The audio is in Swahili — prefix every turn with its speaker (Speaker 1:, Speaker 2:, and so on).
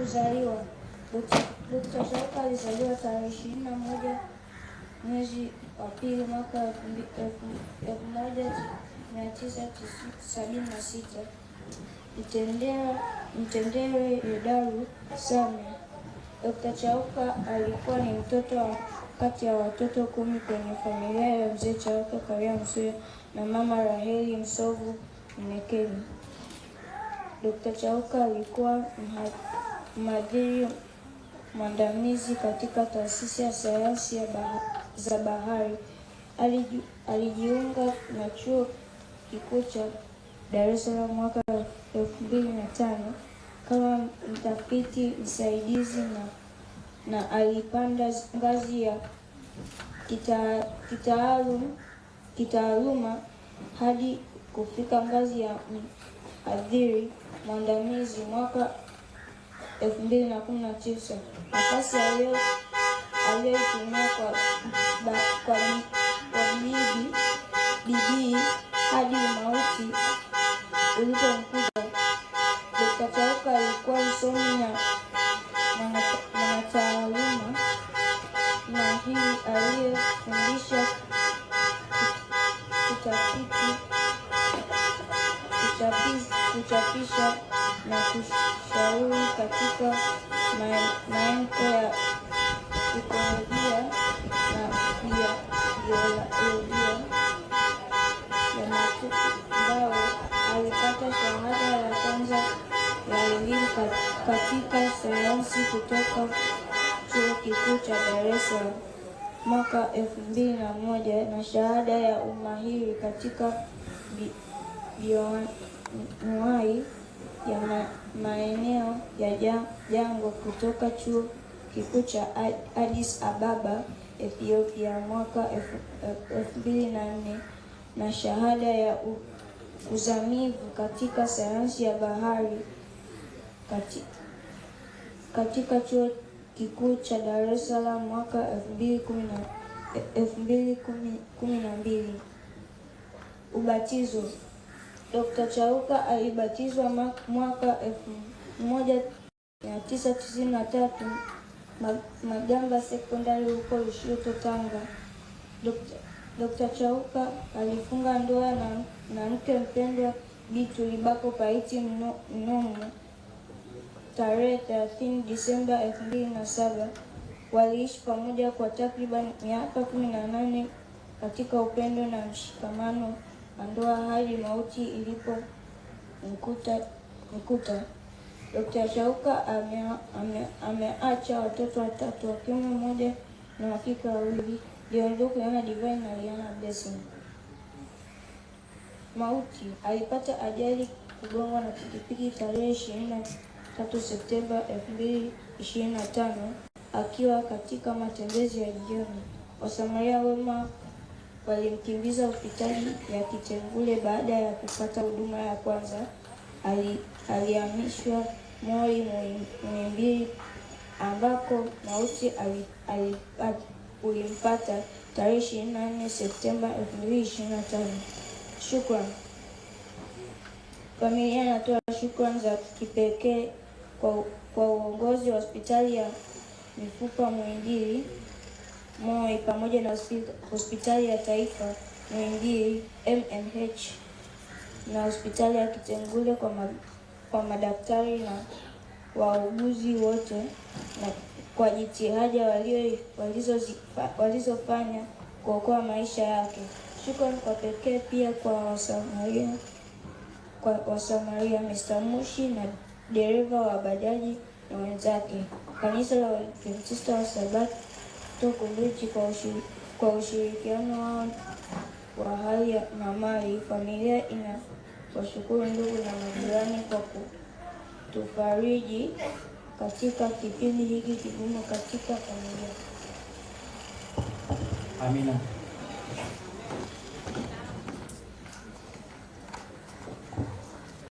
Speaker 1: Kuzaliwa Dr. Shauku alizaliwa tarehe ishirini na moja mwezi wa pili mwaka elfu moja mia tisa sabini na sita Hedaru Samia. Dr. Chauka alikuwa ni mtoto wa kati ya watoto kumi kwenye familia ya mzee Chauka Karia Msuya na mama Raheli Msovu Mnekeni. Dr. Chauka alikuwa madhiri mwandamizi katika Taasisi ya Sayansi ya bah za Bahari. Aliju, alijiunga na Chuo Kikuu cha Dar es Salaam mwaka elfu mbili na tano kama mtafiti msaidizi na, na alipanda ngazi ya kita, kitaaluma hadi kufika ngazi ya mhadhiri mwandamizi mwaka elfu mbili na kumi na tisa nafasi aliyoitumia kwa, kwa, kwa bidii bidii hadi umauti ulipomkuta. Dokta Chauka alikuwa msomi na mwanataaluma mahiri aliyefundisha kutafiti kuchapisha na kushauri katika maeneo ya ikolojia na biolojia ya ambayo Alipata shahada ya kwanza ya elimu katika sayansi kutoka Chuo Kikuu cha Dar es Salaam mwaka elfu mbili na moja na shahada ya umahiri katika bi, Mwai ya maeneo ya jangwa kutoka Chuo Kikuu cha Addis Ababa, Ethiopia mwaka 2004 na shahada ya uzamivu katika sayansi ya bahari katika, Chuo Kikuu cha Dar es Salaam mwaka 2012. Ubatizo Dr. Chauka alibatizwa mwaka 1993 Magamba Sekondari huko Lushoto, Tanga. Dr. Chauka alifunga ndoa na, na mke mpendwa Bi Tulibako Paiti Mnungu tarehe 30 Disemba 2007. Waliishi pamoja kwa takriban miaka 18 katika upendo na mshikamano. Ondoa hadi mauti ilipomkuta mkuta. Dr. Shauka ameacha ame, ame watoto watatu wa kiume mmoja na wa kike wawili, Dion Luku, Divine na Liana Besson. Mauti alipata ajali kugongwa na pikipiki tarehe ishirini na tatu Septemba elfu mbili ishirini na tano akiwa katika matembezi ya jioni. Wasamaria wema walimkimbiza hospitali ya Kitengule. Baada ya kupata huduma ya kwanza, alihamishwa Moi Muhimbili ambako mauti ulimpata tarehe 24 Septemba 2025. Shukrani. Familia inatoa shukrani za kipekee kwa, kwa uongozi wa hospitali ya mifupa Muhimbili ni pamoja na hospitali ya taifa Muhimbili MMH na hospitali ya Kitengule kwa, ma, kwa madaktari na wauguzi wote na kwa jitihada walizofanya walizo kuokoa maisha yake. Shukrani kwa pekee pia kwa Wasamaria, kwa Wasamaria Mr. Mushi na dereva wa bajaji na wenzake. Kanisa la Waadventista wa Sabato kutoka Ubelgiji kwa ushirikiano wao wa hali na mali. Familia ina washukuru ndugu na majirani kwa kutufariji katika kipindi hiki kigumu katika familia.
Speaker 2: Amina.